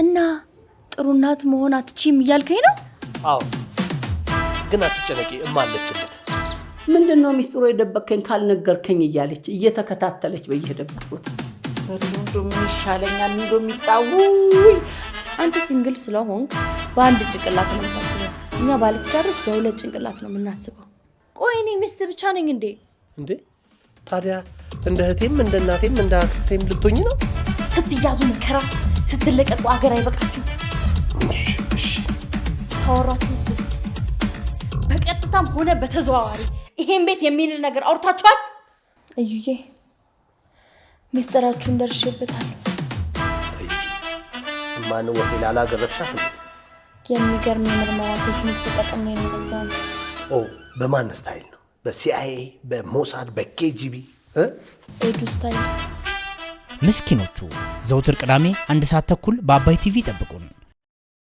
እና ጥሩ እናት መሆን አትችም እያልከኝ ነው? አዎ፣ ግን አትጨነቂ፣ እማለችበት ምንድን ነው ሚስጥሩ የደበቅከኝ ካልነገርከኝ እያለች እየተከታተለች በየሄደበት ቦታ በዶም ይሻለኛል የሚጣው አንተ ሲንግል ስለሆን በአንድ ጭንቅላት ነው የምታስበው። እኛ ባለትዳሮች በሁለት ጭንቅላት ነው የምናስበው። ቆይ እኔ ሚስት ብቻ ነኝ እንዴ? እንዴ ታዲያ እንደ እህቴም እንደ እናቴም እንደ አክስቴም ልትሆኝ ነው? ስትያዙ መከራ ስትለቀቁ አገር አይበቃችሁ። እሺ ካወራችሁት ውስጥ በቀጥታም ሆነ በተዘዋዋሪ ይሄን ቤት የሚንል ነገር አውርታችኋል? እዩዬ ሚስጥራችሁን ደርሼበታለሁ። ማን ወፌ ላላገረብሻት የሚገርም የምርመራ ቴክኒክ ተጠቅሜ ነው። በማን ስታይል ነው? በሲአይኤ፣ በሞሳድ፣ በኬጂቢ ኤዱ ስታይል ምስኪኖቹ ዘውትር ቅዳሜ አንድ ሰዓት ተኩል በአባይ ቲቪ ጠብቁን።